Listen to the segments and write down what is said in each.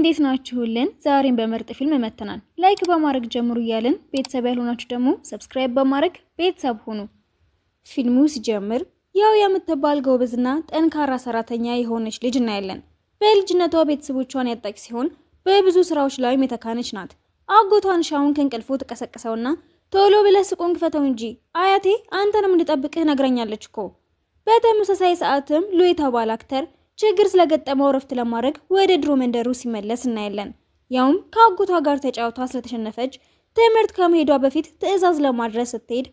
እንዴት ናችሁልን? ዛሬን በምርጥ ፊልም መተናል። ላይክ በማድረግ ጀምሩ እያልን ቤተሰብ ያልሆናችሁ ደግሞ ሰብስክራይብ በማድረግ ቤተሰብ ሁኑ። ፊልሙ ሲጀምር ያው የምትባል ጎበዝና ጠንካራ ሰራተኛ የሆነች ልጅ እናያለን። በልጅነቷ ቤተሰቦቿን ያጣች ሲሆን በብዙ ስራዎች ላይም የተካነች ናት። አጎቷን ሻውን ከእንቅልፉ ተቀሰቀሰውና ቶሎ ብለህ ስቆን ክፈተው እንጂ አያቴ አንተንም እንድጠብቅህ ነግረኛለች እኮ። በተመሳሳይ ሰዓትም ሉ የተባለ አክተር ችግር ስለገጠመው ረፍት ለማድረግ ወደ ድሮ መንደሩ ሲመለስ እናያለን። ያውም ከአጎቷ ጋር ተጫውታ ስለተሸነፈች ትምህርት ከመሄዷ በፊት ትዕዛዝ ለማድረስ ስትሄድ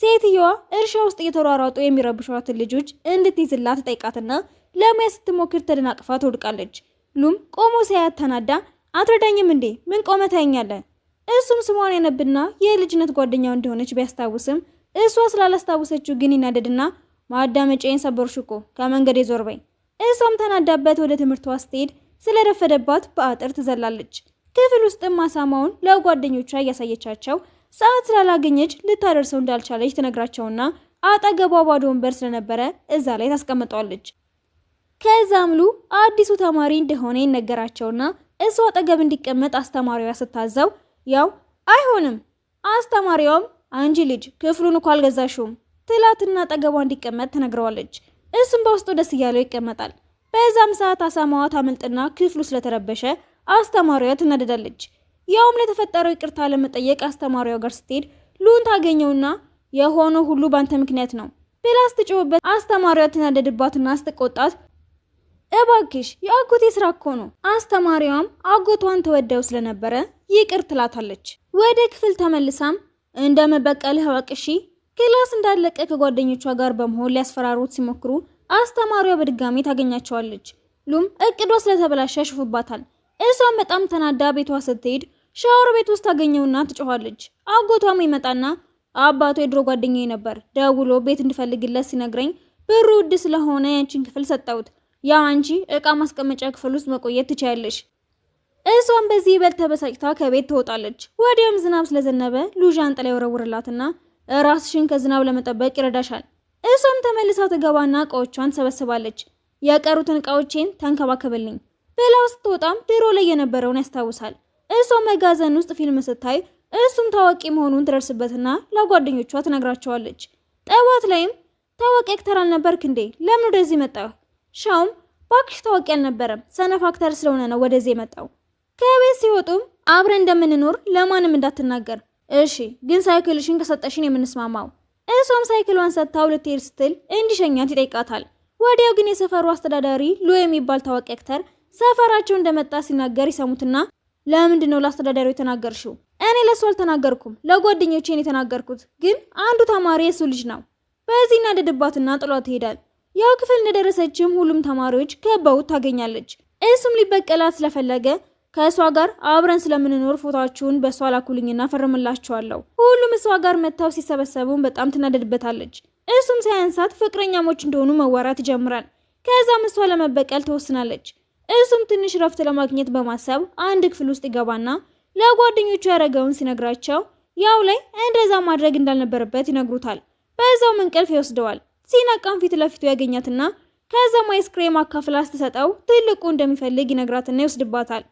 ሴትየዋ እርሻ ውስጥ እየተሯሯጡ የሚረብሿትን ልጆች እንድትይዝላት ጠይቃትና ለመያዝ ስትሞክር ተደናቅፋ ትወድቃለች። ሉም ቆሞ ሲያያት ተናዳ አትረዳኝም እንዴ? ምን ቆመ ታየኛለህ? እሱም ስሟን ያነብና የልጅነት ጓደኛው እንደሆነች ቢያስታውስም እሷ ስላላስታወሰችው ግን ይናደድና ማዳመጫዬን ሰበርሽ እኮ ከመንገድ የዞር በይ እሷም ተናዳበት ወደ ትምህርቷ ስትሄድ ስለረፈደባት በአጥር ትዘላለች። ክፍል ውስጥም አሳማውን ለጓደኞቿ እያሳየቻቸው ሰዓት ስላላገኘች ልታደርሰው እንዳልቻለች ትነግራቸውና አጠገቧ ባዶ ወንበር ስለነበረ እዛ ላይ ታስቀምጠዋለች። ከዛ ምሉ አዲሱ ተማሪ እንደሆነ ይነገራቸውና እሱ አጠገብ እንዲቀመጥ አስተማሪዋ ስታዘው ያው አይሆንም። አስተማሪዋም አንቺ ልጅ ክፍሉን እኮ አልገዛሽውም ትላትና አጠገቧ እንዲቀመጥ ትነግረዋለች። እሱም በውስጡ ደስ እያለው ይቀመጣል። በዛም ሰዓት አሳማዋ ታመልጥና ክፍሉ ስለተረበሸ አስተማሪዋ ትናደዳለች። ያውም ለተፈጠረው ይቅርታ ለመጠየቅ አስተማሪዋ ጋር ስትሄድ ሉን ታገኘውና የሆነ ሁሉ ባንተ ምክንያት ነው ብላ ስትጮህበት አስተማሪዋ ትናደድባትና ስትቆጣት እባክሽ የአጎቴ ስራ እኮ ነው። አስተማሪዋም አጎቷን ተወደው ስለነበረ ይቅር ትላታለች። ወደ ክፍል ተመልሳም እንደምበቀልህ እወቅ ክላስ እንዳለቀ ከጓደኞቿ ጋር በመሆን ሊያስፈራሩት ሲሞክሩ አስተማሪዋ በድጋሚ ታገኛቸዋለች። ሉም እቅዷ ስለተበላሸ ያሽፉባታል። እሷም በጣም ተናዳ ቤቷ ስትሄድ ሻወር ቤት ውስጥ ታገኘውና ትጮኋለች። አጎቷም ይመጣና አባቱ የድሮ ጓደኛዬ ነበር፣ ደውሎ ቤት እንድፈልግለት ሲነግረኝ ብሩ ውድ ስለሆነ ያንቺን ክፍል ሰጠውት። ያ አንቺ እቃ ማስቀመጫ ክፍል ውስጥ መቆየት ትችያለሽ። እሷም በዚህ ይበልጥ ተበሳጭታ ከቤት ትወጣለች። ወዲያውም ዝናብ ስለዘነበ ሉዣን ጥላ ይወረውርላትና ራስሽን ከዝናብ ለመጠበቅ ይረዳሻል። እሷም ተመልሳ ትገባና እቃዎቿን ትሰበስባለች። የቀሩትን እቃዎቼን ተንከባከብልኝ ብላው ስትወጣም ድሮ ላይ የነበረውን ያስታውሳል። እሷ መጋዘን ውስጥ ፊልም ስታይ እሱም ታዋቂ መሆኑን ትደርስበትና ለጓደኞቿ ትነግራቸዋለች። ጠዋት ላይም ታዋቂ አክተር አልነበርክ እንዴ? ለምን ወደዚህ መጣ? ሻውም ባክሽ ታዋቂ አልነበረም፣ ሰነፍ አክተር ስለሆነ ነው ወደዚህ የመጣው። ከቤት ሲወጡም አብረን እንደምንኖር ለማንም እንዳትናገር እሺ ግን ሳይክልሽን ከሰጠሽን የምንስማማው። እሷም ሳይክሏን ሰጥታው ልትሄድ ስትል እንዲሸኛት ይጠይቃታል። ወዲያው ግን የሰፈሩ አስተዳዳሪ ሎ የሚባል ታዋቂ አክተር ሰፈራቸው እንደመጣ ሲናገር ይሰሙትና ለምንድን ነው ለአስተዳዳሪው የተናገርሽው? እኔ ለእሱ አልተናገርኩም፣ ለጓደኞቼን የተናገርኩት። ግን አንዱ ተማሪ የእሱ ልጅ ነው። በዚህ እናደድባትና ጥሏት ይሄዳል። ያው ክፍል እንደደረሰችም ሁሉም ተማሪዎች ከበውት ታገኛለች። እሱም ሊበቀላት ስለፈለገ ከእሷ ጋር አብረን ስለምንኖር ፎታችሁን በእሷ ላኩልኝና ፈርምላችኋለሁ። ሁሉም እሷ ጋር መጥተው ሲሰበሰቡን በጣም ትናደድበታለች። እሱም ሳያንሳት ፍቅረኛሞች እንደሆኑ መዋራት ይጀምራል። ከዛም እሷ ለመበቀል ትወስናለች። እሱም ትንሽ ረፍት ለማግኘት በማሰብ አንድ ክፍል ውስጥ ይገባና ለጓደኞቹ ያደረገውን ሲነግራቸው ያው ላይ እንደዛ ማድረግ እንዳልነበረበት ይነግሩታል። በዛውም እንቅልፍ ይወስደዋል። ሲነቃም ፊት ለፊቱ ያገኛትና ከዛም አይስክሬም አካፍላ ስትሰጠው ትልቁ እንደሚፈልግ ይነግራትና ይወስድባታል።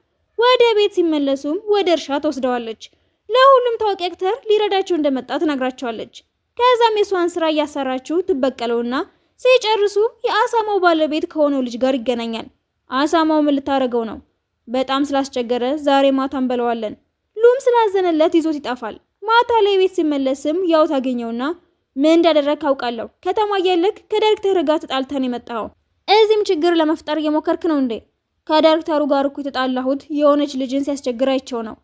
ወደ ቤት ሲመለሱም ወደ እርሻ ተወስደዋለች። ለሁሉም ታዋቂ አክተር ሊረዳቸው እንደመጣ ትነግራቸዋለች። ከዛም የሷን ስራ እያሰራችው ትበቀለውና ሲጨርሱ የአሳማው ባለቤት ከሆነው ልጅ ጋር ይገናኛል። አሳማው ምን ልታደርገው ነው? በጣም ስላስቸገረ ዛሬ ማታ እንበለዋለን። ሉም ስላዘነለት ይዞት ይጠፋል። ማታ ላይ ቤት ሲመለስም ያው ታገኘውና ምን እንዳደረግ አውቃለሁ። ከተማ እያለክ ከዳይሬክተር ጋር ተጣልተን የመጣኸው እዚህም ችግር ለመፍጠር እየሞከርክ ነው እንዴ? ከዳይሬክተሩ ጋር እኮ የተጣላሁት የሆነች ልጅን ሲያስቸግራቸው ነው።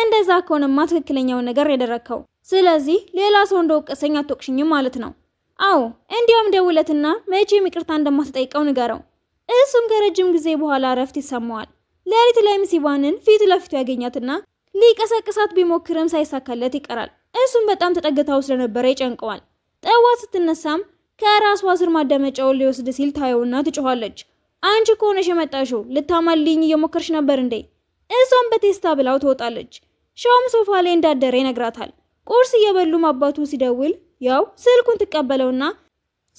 እንደዛ ከሆነማ ትክክለኛውን ነገር ያደረግከው። ስለዚህ ሌላ ሰው እንደወቀሰኝ አትወቅሽኝም ማለት ነው። አዎ፣ እንዲያውም ደውለትና መቼም ይቅርታ እንደማትጠይቀው ንገረው። እሱም ከረጅም ጊዜ በኋላ እረፍት ይሰማዋል። ሌሊት ላይም ሲባንን ፊት ለፊቱ ያገኛትና ሊቀሰቅሳት ቢሞክርም ሳይሳካለት ይቀራል። እሱም በጣም ተጠግታው ስለነበረ ይጨንቀዋል። ጠዋት ስትነሳም ከራሷ ስር ማዳመጫውን ሊወስድ ሲል ታየውና ትጮኋለች። አንቺ ከሆነሽ የመጣሽው ልታማልኝ እየሞከርሽ ነበር እንዴ? እሷም በቴስታ ብላው ትወጣለች። ሻውም ሶፋ ላይ እንዳደረ ይነግራታል። ቁርስ እየበሉም አባቱ ሲደውል ያው ስልኩን ትቀበለውና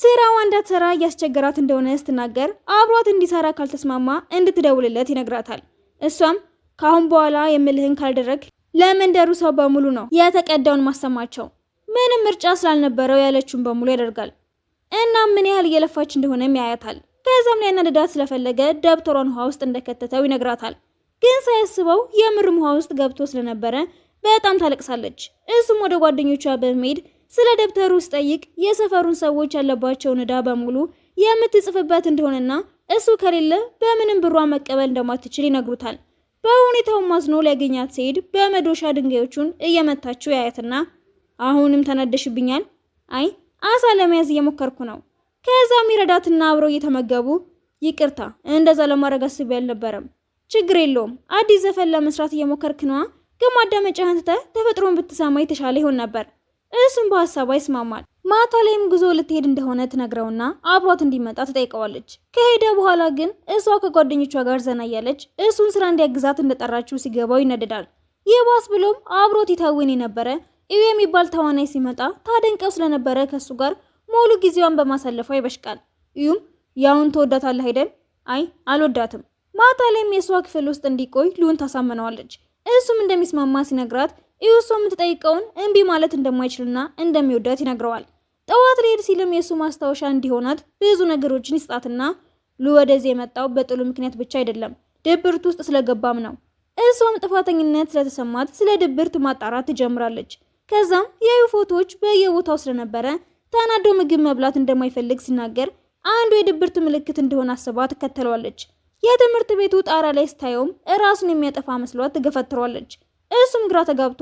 ስራዋ እንዳትሰራ እያስቸገራት እንደሆነ ስትናገር አብሯት እንዲሰራ ካልተስማማ እንድትደውልለት ይነግራታል። እሷም ካአሁን በኋላ የምልህን ካልደረግ ለመንደሩ ሰው በሙሉ ነው የተቀዳውን ማሰማቸው። ምንም ምርጫ ስላልነበረው ያለችውን በሙሉ ያደርጋል እና ምን ያህል እየለፋች እንደሆነም ያያታል። ከዛም ላይ ያናደዳት ስለፈለገ ደብተሯን ውሃ ውስጥ እንደከተተው ይነግራታል። ግን ሳያስበው የምርም ውሃ ውስጥ ገብቶ ስለነበረ በጣም ታለቅሳለች። እሱም ወደ ጓደኞቿ በመሄድ ስለ ደብተሩ ጠይቅ የሰፈሩን ሰዎች ያለባቸውን ዕዳ በሙሉ የምትጽፍበት እንደሆነና እሱ ከሌለ በምንም ብሯ መቀበል እንደማትችል ይነግሩታል። በሁኔታው ማዝኖ ሊያገኛት ሲሄድ በመዶሻ ድንጋዮቹን እየመታችው ያያትና አሁንም ተናደሽብኛል? አይ አሳ ለመያዝ እየሞከርኩ ነው ከዛም ይረዳትና አብረው እየተመገቡ ይቅርታ እንደዛ ለማድረግ አስቤ አልነበረም። ችግር የለውም አዲስ ዘፈን ለመስራት እየሞከርክ ነዋ። ግን ትተህ ተፈጥሮን ብትሰማ የተሻለ ይሆን ነበር። እሱም በሀሳቧ ይስማማል። ማታ ላይም ጉዞ ልትሄድ እንደሆነ ትነግረውና አብሯት እንዲመጣ ትጠይቀዋለች። ከሄደ በኋላ ግን እሷ ከጓደኞቿ ጋር ዘና እያለች እሱን ስራ እንዲያግዛት እንደጠራችው ሲገባው ይነደዳል። ይባስ ብሎም አብሮት ይታወን የነበረ ኢዩ የሚባል ተዋናይ ሲመጣ ታደንቀው ስለነበረ ከእሱ ጋር ሙሉ ጊዜዋን በማሳለፏ ይበሽቃል። እዩም ያውን ተወዳታለህ አይደል? አይ አልወዳትም። ማታ ላይም የእሷ ክፍል ውስጥ እንዲቆይ ሉን ታሳምነዋለች። እሱም እንደሚስማማ ሲነግራት እዩ እሷ የምትጠይቀውን እምቢ ማለት እንደማይችልና እንደሚወዳት ይነግረዋል። ጠዋት ሊሄድ ሲልም የእሱ ማስታወሻ እንዲሆናት ብዙ ነገሮችን ይስጣትና ሉ ወደዚህ የመጣው በጥሉ ምክንያት ብቻ አይደለም፣ ድብርት ውስጥ ስለገባም ነው። እሷም ጥፋተኝነት ስለተሰማት ስለ ድብርት ማጣራት ትጀምራለች። ከዛም የዩ ፎቶዎች በየቦታው ስለነበረ ተናዶ ምግብ መብላት እንደማይፈልግ ሲናገር አንዱ የድብርት ምልክት እንደሆነ አስባ ትከተለዋለች። የትምህርት ቤቱ ጣራ ላይ ስታየውም እራሱን የሚያጠፋ መስሏት ትገፈትረዋለች። እሱም ግራ ተጋብቶ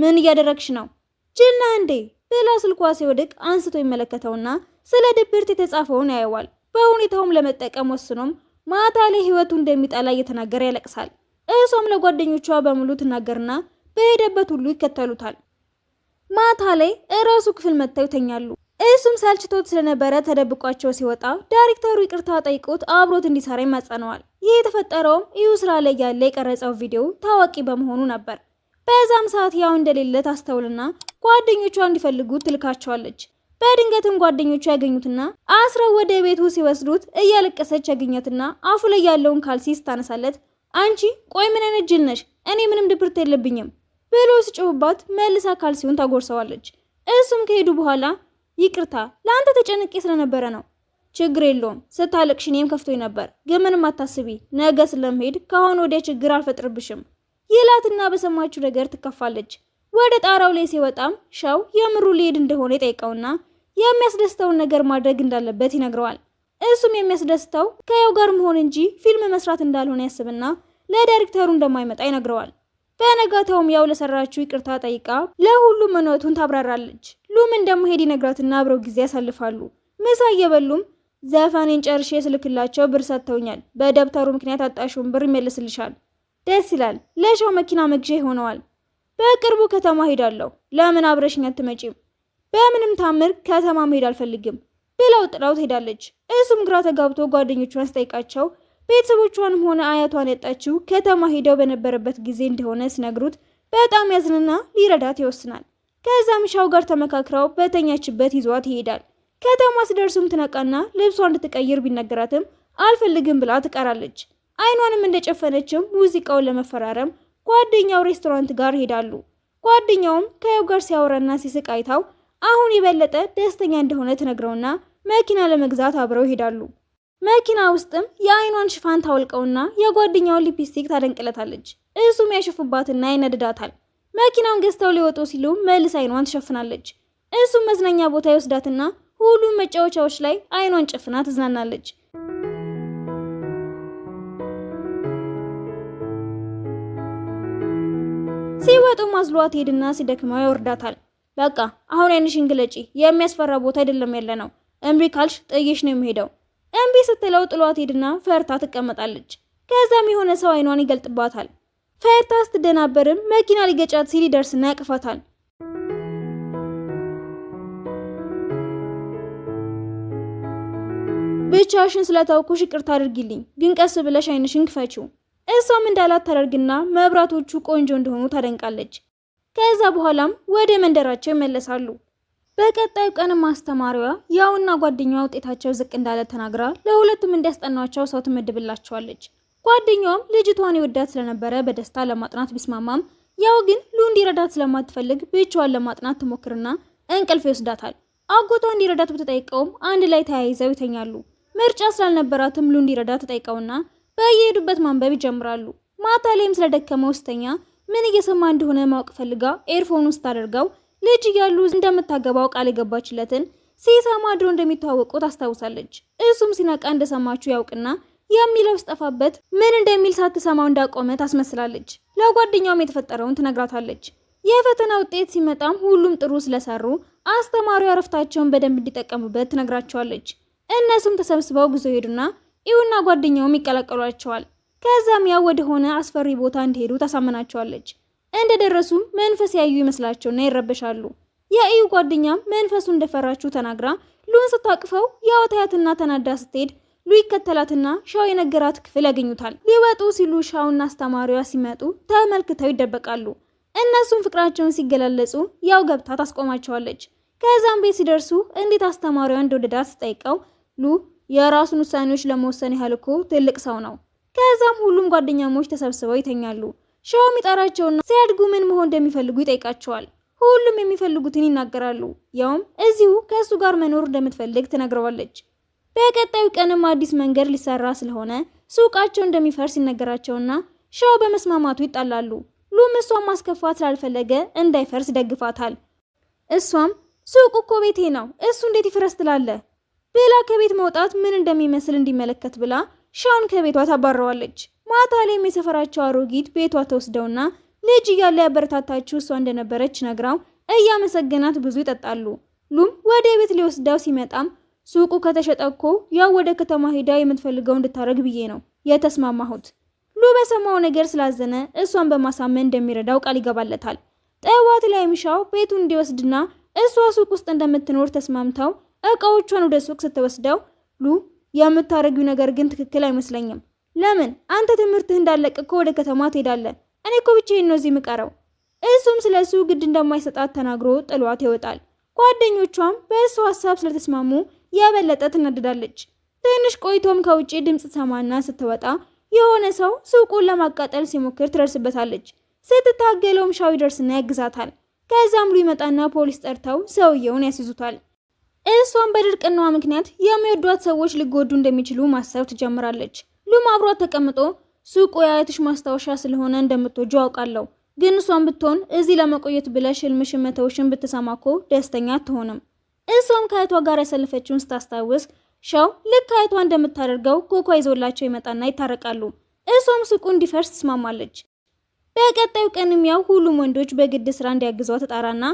ምን እያደረግሽ ነው ጅና እንዴ ብላ ስልኳ ሲወድቅ አንስቶ ይመለከተውና ስለ ድብርት የተጻፈውን ያየዋል። በሁኔታውም ለመጠቀም ወስኖም ማታ ላይ ህይወቱ እንደሚጠላ እየተናገረ ያለቅሳል። እሷም ለጓደኞቿ በሙሉ ትናገርና በሄደበት ሁሉ ይከተሉታል። ማታ ላይ እራሱ ክፍል መጥተው ይተኛሉ። እሱም ሰልችቶት ስለነበረ ተደብቋቸው ሲወጣ ዳይሬክተሩ ይቅርታ ጠይቆት አብሮት እንዲሰራ ይማጸነዋል። ይህ የተፈጠረውም እዩ ስራ ላይ ያለ የቀረጸው ቪዲዮ ታዋቂ በመሆኑ ነበር። በዛም ሰዓት ያው እንደሌለ ታስተውልና ጓደኞቿ እንዲፈልጉት ትልካቸዋለች። በድንገትም ጓደኞቹ ያገኙትና አስረው ወደ ቤቱ ሲወስዱት እያለቀሰች ያገኘትና አፉ ላይ ያለውን ካልሲ ስታነሳለት አንቺ ቆይ ምን አይነት ጅል ነሽ? እኔ ምንም ድብርት የለብኝም ብሎ ሲጮህባት መልሳ ሲሆን ታጎርሰዋለች። እሱም ከሄዱ በኋላ ይቅርታ ለአንተ ተጨንቄ ስለነበረ ነው። ችግር የለውም ስታለቅሽ እኔም ከፍቶኝ ነበር፣ ግን ምንም አታስቢ፣ ነገ ስለምሄድ ከአሁን ወዲያ ችግር አልፈጥርብሽም ይላትና በሰማችው ነገር ትከፋለች። ወደ ጣራው ላይ ሲወጣም ሻው የምሩ ሊሄድ እንደሆነ ይጠይቀውና የሚያስደስተውን ነገር ማድረግ እንዳለበት ይነግረዋል። እሱም የሚያስደስተው ከያው ጋር መሆን እንጂ ፊልም መስራት እንዳልሆነ ያስብና ለዳይሬክተሩ እንደማይመጣ ይነግረዋል። በነጋታውም ያው ለሰራችው ይቅርታ ጠይቃ ለሁሉም እውነቱን ታብራራለች። ሉም እንደመሄድ ይነግራትና አብረው ጊዜ ያሳልፋሉ። ምሳ እየበሉም ዘፈኔን ጨርሼ ስልክላቸው ብር ሰጥተውኛል፣ በደብተሩ ምክንያት አጣሽውን ብር ይመልስልሻል። ደስ ይላል። ለሻው መኪና መግዣ ይሆነዋል። በቅርቡ ከተማ ሄዳለሁ። ለምን አብረሽኝ አትመጪም? በምንም ታምር ከተማ መሄድ አልፈልግም ብለው ጥላው ትሄዳለች። እሱም ግራ ተጋብቶ ጓደኞቹን አስጠይቃቸው ቤተሰቦቿንም ሆነ አያቷን ያጣችው ከተማ ሄደው በነበረበት ጊዜ እንደሆነ ሲነግሩት በጣም ያዝንና ሊረዳት ይወስናል። ከዛም ሻው ጋር ተመካክረው በተኛችበት ይዟት ይሄዳል። ከተማ ስደርሱም ትነቃና ልብሷ እንድትቀይር ቢነገራትም አልፈልግም ብላ ትቀራለች። አይኗንም እንደጨፈነችም ሙዚቃውን ለመፈራረም ጓደኛው ሬስቶራንት ጋር ይሄዳሉ። ጓደኛውም ከያው ጋር ሲያወራና ሲስቅ አይታው አሁን የበለጠ ደስተኛ እንደሆነ ትነግረውና መኪና ለመግዛት አብረው ይሄዳሉ። መኪና ውስጥም የአይኗን ሽፋን ታወልቀውና የጓደኛውን ሊፕስቲክ ታደንቅለታለች። እሱም ያሸፉባትና ይነድዳታል። መኪናውን ገዝተው ሊወጡ ሲሉ መልስ አይኗን ትሸፍናለች። እሱም መዝናኛ ቦታ ይወስዳትና ሁሉም መጫወቻዎች ላይ አይኗን ጨፍና ትዝናናለች። ሲወጡ ማዝሏት ሄድና ሲደክመው ያወርዳታል። በቃ አሁን አይንሽን ግለጪ፣ የሚያስፈራ ቦታ አይደለም ያለ ነው። እምቢ ካልሽ ጥዬሽ ነው የሚሄደው እምቢ ስትለው ጥሏት ሄድና ፈርታ ትቀመጣለች። ከዛም የሆነ ሰው አይኗን ይገልጥባታል። ፈርታ ስትደናበርም መኪና ሊገጫት ሲል ይደርስና ያቅፋታል። ብቻሽን ስለታውኩሽ ይቅርታ አድርጊልኝ፣ ግን ቀስ ብለሽ አይንሽን ክፈችው። እሷም እንዳላት ታደርግና መብራቶቹ ቆንጆ እንደሆኑ ታደንቃለች። ከዛ በኋላም ወደ መንደራቸው ይመለሳሉ። በቀጣዩ ቀን ማስተማሪዋ ያውና ጓደኛዋ ውጤታቸው ዝቅ እንዳለ ተናግራ ለሁለቱም እንዲያስጠናቸው ሰው ትመድብላቸዋለች። ጓደኛዋም ልጅቷን ይወዳት ስለነበረ በደስታ ለማጥናት ቢስማማም ያው ግን ሉ እንዲረዳት ስለማትፈልግ ብቻዋን ለማጥናት ትሞክርና እንቅልፍ ይወስዳታል። አጎቷ እንዲረዳት ብትጠይቀውም አንድ ላይ ተያይዘው ይተኛሉ። ምርጫ ስላልነበራትም ሉ እንዲረዳ ተጠይቀውና በየሄዱበት ማንበብ ይጀምራሉ። ማታ ላይም ስለደከመው ስተኛ ምን እየሰማ እንደሆነ ማወቅ ፈልጋ ኤርፎን ውስጥ አድርገው ልጅ እያሉ እንደምታገባው ቃል የገባችለትን ሲሰማ ድሮ እንደሚተዋወቁ ታስታውሳለች። እሱም ሲነቃ እንደሰማችሁ ያውቅና የሚለው ስጠፋበት ምን እንደሚል ሳትሰማው እንዳቆመ ታስመስላለች። ለጓደኛውም የተፈጠረውን ትነግራታለች። የፈተና ውጤት ሲመጣም ሁሉም ጥሩ ስለሰሩ አስተማሪው እረፍታቸውን በደንብ እንዲጠቀሙበት ትነግራቸዋለች። እነሱም ተሰብስበው ጉዞ ሄዱና ይሁና ጓደኛውም ይቀላቀሏቸዋል። ከዛም ያው ወደሆነ አስፈሪ ቦታ እንዲሄዱ ታሳምናቸዋለች። እንደደረሱም መንፈስ ያዩ ይመስላቸውና ይረበሻሉ። የኢዩ ጓደኛም መንፈሱ እንደፈራችው ተናግራ ሉን ስታቅፈው የአወታያትና ተናዳ ስትሄድ ሉ ይከተላትና ሻው የነገራት ክፍል ያገኙታል። ሊወጡ ሲሉ ሻውና አስተማሪዋ ሲመጡ ተመልክተው ይደበቃሉ። እነሱም ፍቅራቸውን ሲገላለጹ ያው ገብታ ታስቆማቸዋለች። ከዛም ቤት ሲደርሱ እንዴት አስተማሪዋ እንደወደዳት ስጠይቀው ሉ የራሱን ውሳኔዎች ለመወሰን ያህል እኮ ትልቅ ሰው ነው። ከዛም ሁሉም ጓደኛሞች ተሰብስበው ይተኛሉ። ሻውም ይጠራቸውና ሲያድጉ ምን መሆን እንደሚፈልጉ ይጠይቃቸዋል። ሁሉም የሚፈልጉትን ይናገራሉ። ያውም እዚሁ ከእሱ ጋር መኖር እንደምትፈልግ ትነግረዋለች። በቀጣዩ ቀንም አዲስ መንገድ ሊሰራ ስለሆነ ሱቃቸው እንደሚፈርስ ይነገራቸውና ሻው በመስማማቱ ይጣላሉ። ሉም እሷም ማስከፋት ስላልፈለገ እንዳይፈርስ ይደግፋታል። እሷም ሱቅ እኮ ቤቴ ነው፣ እሱ እንዴት ይፍረስ ትላለ ብላ ከቤት መውጣት ምን እንደሚመስል እንዲመለከት ብላ ሻውን ከቤቷ ታባረዋለች። ማታ ላይም የሰፈራቸው አሮጊት ቤቷ ተወስደውና ልጅ እያለ ያበረታታችው እሷ እንደነበረች ነግራው እያመሰገናት ብዙ ይጠጣሉ። ሉም ወደ ቤት ሊወስዳው ሲመጣም ሱቁ ከተሸጠ እኮ ያው ወደ ከተማ ሄዳ የምትፈልገው እንድታደረግ ብዬ ነው የተስማማሁት። ሉ በሰማው ነገር ስላዘነ እሷን በማሳመን እንደሚረዳው ቃል ይገባለታል። ጠዋት ላይ ምሻው ቤቱን እንዲወስድና እሷ ሱቅ ውስጥ እንደምትኖር ተስማምተው እቃዎቿን ወደ ሱቅ ስትወስደው ሉ የምታረጊው ነገር ግን ትክክል አይመስለኝም ለምን አንተ ትምህርትህ እንዳለቅ እኮ ወደ ከተማ ትሄዳለህ። እኔ እኮ ብቻዬን ነው እዚህ የምቀረው። እሱም ስለ እሱ ግድ እንደማይሰጣት ተናግሮ ጥሏት ይወጣል። ጓደኞቿም በእሱ ሀሳብ ስለተስማሙ የበለጠ ትናደዳለች። ትንሽ ቆይቶም ከውጭ ድምፅ ሰማና ስትወጣ የሆነ ሰው ሱቁን ለማቃጠል ሲሞክር ትደርስበታለች። ስትታገለውም ሻው ይደርስና ያግዛታል። ከዛም ሉ ይመጣና ፖሊስ ጠርተው ሰውየውን ያስይዙታል። እሷም በድርቅናዋ ምክንያት የሚወዷት ሰዎች ሊጎዱ እንደሚችሉ ማሰብ ትጀምራለች። ሉም አብሯት ተቀምጦ ሱቁ የአያትሽ ማስታወሻ ስለሆነ እንደምትወጁ አውቃለሁ፣ ግን እሷም ብትሆን እዚህ ለመቆየት ብለሽ ህልምሽን መተውሽን ብትሰማ እኮ ደስተኛ አትሆንም። እሷም ከአያቷ ጋር ያሳለፈችውን ስታስታውስ ሻው ልክ አያቷ እንደምታደርገው ኮኳ ይዞላቸው ይመጣና ይታረቃሉ። እሷም ሱቁ እንዲፈርስ ትስማማለች። በቀጣዩ ቀንም ያው ሁሉም ወንዶች በግድ ስራ እንዲያግዟ ተጣራና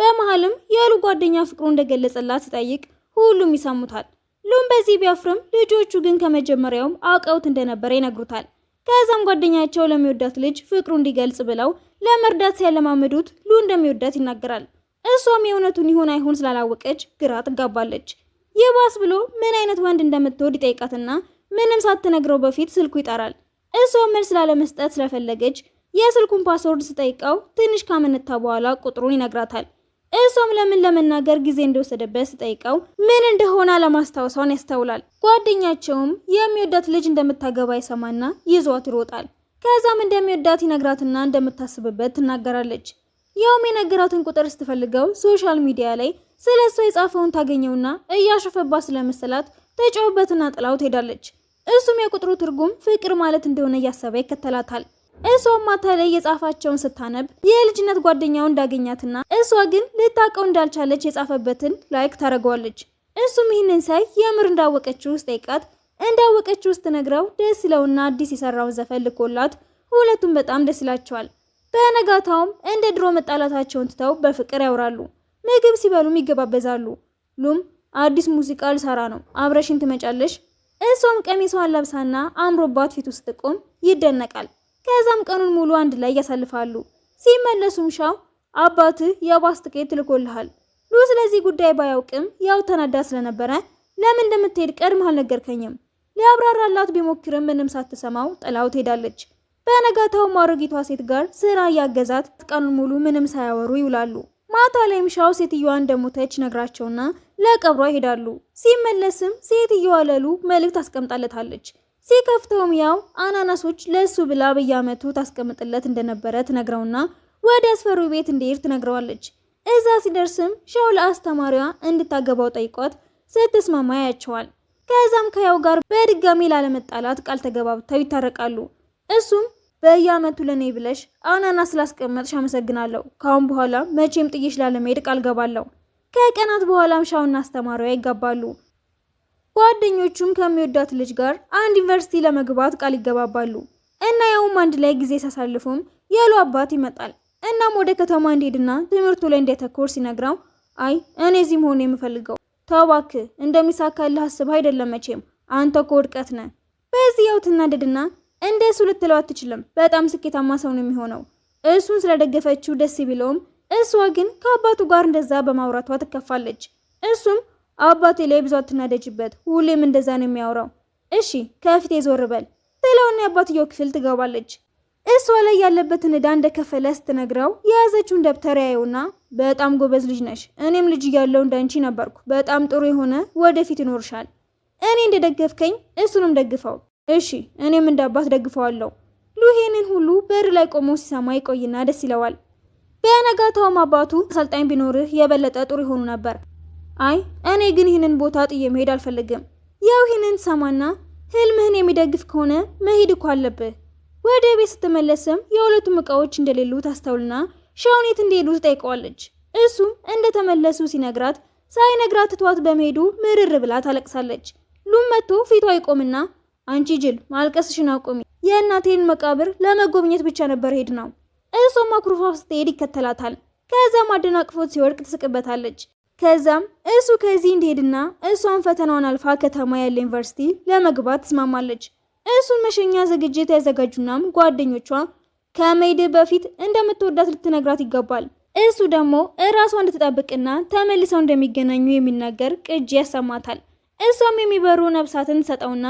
በመሀልም የሉ ጓደኛ ፍቅሩ እንደገለጸላት ሲጠይቅ ሁሉም ይሰሙታል። ሉም በዚህ ቢያፍርም ልጆቹ ግን ከመጀመሪያውም አውቀውት እንደነበረ ይነግሩታል። ከዛም ጓደኛቸው ለሚወዳት ልጅ ፍቅሩ እንዲገልጽ ብለው ለመርዳት ሲያለማመዱት ሉ እንደሚወዳት ይናገራል። እሷም የእውነቱን ይሁን አይሁን ስላላወቀች ግራ ትጋባለች። ይባስ ብሎ ምን አይነት ወንድ እንደምትወድ ይጠይቃትና ምንም ሳትነግረው በፊት ስልኩ ይጠራል። እሷ መልስ ላለመስጠት ስለፈለገች የስልኩን ፓስወርድ ስጠይቀው ትንሽ ካመነታ በኋላ ቁጥሩን ይነግራታል። እሷም ለምን ለመናገር ጊዜ እንደወሰደበት ስጠይቀው ምን እንደሆነ አለማስታወሷን ያስተውላል። ጓደኛቸውም የሚወዳት ልጅ እንደምታገባ ይሰማና ይዟት ይሮጣል። ከዛም እንደሚወዳት ይነግራትና እንደምታስብበት ትናገራለች። ያውም የነገራትን ቁጥር ስትፈልገው ሶሻል ሚዲያ ላይ ስለ እሷ የጻፈውን ታገኘውና እያሾፈባት ስለመሰላት ተጫውበትና ጥላው ትሄዳለች። እሱም የቁጥሩ ትርጉም ፍቅር ማለት እንደሆነ እያሰበ ይከተላታል። እሷም ማታ ላይ የጻፋቸውን ስታነብ የልጅነት ጓደኛው እንዳገኛትና እሷ ግን ልታውቀው እንዳልቻለች የጻፈበትን ላይክ ታደርገዋለች። እሱም ይህንን ሳይ የምር እንዳወቀችው ውስጥ አይቃት እንዳወቀችው ውስጥ ነግረው ደስ ይለውና አዲስ የሰራውን ዘፈን ልኮላት ሁለቱም በጣም ደስ ይላቸዋል። በነጋታውም እንደ ድሮ መጣላታቸውን ትተው በፍቅር ያወራሉ። ምግብ ሲበሉም ይገባበዛሉ። ሉም አዲስ ሙዚቃ ልሰራ ነው አብረሽን ትመጫለሽ? እሷም ቀሚሷን ለብሳና አምሮባት ውስጥ ስትቆም ይደነቃል። ከዛም ቀኑን ሙሉ አንድ ላይ ያሳልፋሉ። ሲመለሱም ሻው አባትህ የባስ ትኬት ልኮልሃል። ሉ ስለዚህ ጉዳይ ባያውቅም ያው ተናዳ ስለነበረ ለምን እንደምትሄድ ቀድመህ አልነገርከኝም ሊያብራራላት ቢሞክርም ምንም ሳትሰማው ጥላው ትሄዳለች። በነጋታው ማሮጊቷ ሴት ጋር ስራ እያገዛት ቀኑን ሙሉ ምንም ሳያወሩ ይውላሉ። ማታ ላይም ሻው ሴትዮዋ እንደሞተች ነግራቸውና ለቀብሯ ይሄዳሉ። ሲመለስም ሴትዮዋ ለሉ መልእክት አስቀምጣለታለች። ሲከፍተውም ያው አናናሶች ለእሱ ብላ በየዓመቱ ታስቀምጥለት እንደነበረ ትነግረውና ወደ አስፈሪ ቤት እንዲሄድ ትነግረዋለች። እዛ ሲደርስም ሻውላ አስተማሪዋ እንድታገባው ጠይቋት ስትስማማ ያያቸዋል። ከዛም ከያው ጋር በድጋሚ ላለመጣላት ቃል ተገባብተው ይታረቃሉ። እሱም በየዓመቱ ለእኔ ብለሽ አናናስ ስላስቀመጥሽ አመሰግናለሁ። ካሁን በኋላ መቼም ጥዬሽ ላለመሄድ ቃል ገባለሁ። ከቀናት በኋላም ሻውና አስተማሪዋ ይጋባሉ። ጓደኞቹም ከሚወዳት ልጅ ጋር አንድ ዩኒቨርሲቲ ለመግባት ቃል ይገባባሉ እና ያውም አንድ ላይ ጊዜ ሲያሳልፉም የሉ አባት ይመጣል። እናም ወደ ከተማ እንዲሄድና ትምህርቱ ላይ እንዲያተኮር ሲነግራው አይ እኔ እዚህ መሆን የምፈልገው ተባክ እንደሚሳካልህ አስብ አይደለም መቼም አንተ እኮ ውድቀት ነህ። በዚህ ያው ትናደድና እንደ እሱ ልትለው አትችልም። በጣም ስኬታማ ሰው ነው የሚሆነው። እሱን ስለደገፈችው ደስ ቢለውም እሷ ግን ከአባቱ ጋር እንደዛ በማውራቷ ትከፋለች። እሱም አባቴ ላይ ብዙ አትናደጅበት፣ ሁሌም እንደዛ ነው የሚያወራው። እሺ ከፊቴ ዞር በል ትለውና የአባትየው ክፍል ትገባለች። እሷ ላይ ያለበትን ዕዳ እንደከፈለ ስትነግረው የያዘችውን ደብተር ያየውና በጣም ጎበዝ ልጅ ነሽ፣ እኔም ልጅ እያለሁ እንዳንቺ ነበርኩ፣ በጣም ጥሩ የሆነ ወደፊት ይኖርሻል። እኔ እንደደገፍከኝ እሱንም ደግፈው። እሺ እኔም እንደ አባት ደግፈዋለሁ። ሉሄንን ሁሉ በር ላይ ቆሞ ሲሰማ ይቆይና ደስ ይለዋል። በነጋታውም አባቱ አሰልጣኝ ቢኖርህ የበለጠ ጥሩ ይሆኑ ነበር አይ እኔ ግን ይህንን ቦታ ጥዬ መሄድ አልፈልግም። ያው ይህንን ሰማና ህልምህን የሚደግፍ ከሆነ መሄድ እኮ አለብህ። ወደ ቤት ስትመለስም የሁለቱም እቃዎች እንደሌሉ ታስተውልና ሻውኔት እንዲሄዱ ትጠይቀዋለች። እሱም እንደተመለሱ ሲነግራት ሳይነግራት ትቷት በመሄዱ ምርር ብላ ታለቅሳለች። ሉም መጥቶ ፊቷ ይቆምና አንቺ ጅል ማልቀስሽን አቁሚ፣ የእናቴን መቃብር ለመጎብኘት ብቻ ነበር ሄድ ነው። እሱም አኩርፋ ስትሄድ ይከተላታል። ከዛም አደናቅፎት ሲወድቅ ትስቅበታለች። ከዛም እሱ ከዚህ እንዲሄድና እሷን ፈተናውን አልፋ ከተማ ያለ ዩኒቨርሲቲ ለመግባት ትስማማለች። እሱን መሸኛ ዝግጅት ያዘጋጁናም ጓደኞቿ ከመሄድ በፊት እንደምትወዳት ልትነግራት ይገባል። እሱ ደግሞ እራሷ እንድትጠብቅና ተመልሰው እንደሚገናኙ የሚናገር ቅጂ ያሰማታል። እሷም የሚበሩ ነብሳትን ሰጠውና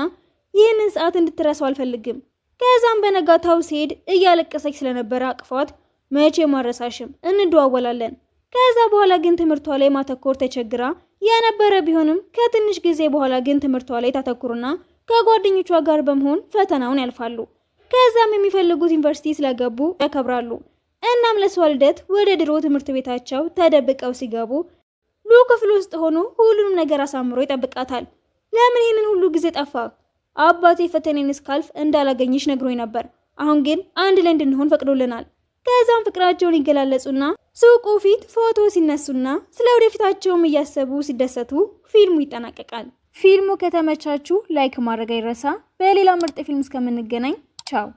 ይህንን ሰዓት እንድትረሳው አልፈልግም። ከዛም በነጋታው ሲሄድ እያለቀሰች ስለነበረ አቅፏት መቼ ማረሳሽም እንደዋወላለን ከዛ በኋላ ግን ትምህርቷ ላይ ማተኮር ተቸግራ የነበረ ቢሆንም ከትንሽ ጊዜ በኋላ ግን ትምህርቷ ላይ ታተኩርና ከጓደኞቿ ጋር በመሆን ፈተናውን ያልፋሉ። ከዛም የሚፈልጉት ዩኒቨርሲቲ ስለገቡ ያከብራሉ። እናም ለሷ ልደት ወደ ድሮ ትምህርት ቤታቸው ተደብቀው ሲገቡ ሉ ክፍል ውስጥ ሆኖ ሁሉንም ነገር አሳምሮ ይጠብቃታል። ለምን ይህንን ሁሉ ጊዜ ጠፋ? አባቴ ፈተኔን እስካልፍ እንዳላገኝሽ ነግሮኝ ነበር። አሁን ግን አንድ ላይ እንድንሆን ፈቅዶልናል። ከዛም ፍቅራቸውን ይገላለጹና ሱቁ ፊት ፎቶ ሲነሱና ስለ ወደፊታቸውም እያሰቡ ሲደሰቱ ፊልሙ ይጠናቀቃል። ፊልሙ ከተመቻችሁ ላይክ ማድረግ አይረሳ። በሌላ ምርጥ ፊልም እስከምንገናኝ ቻው።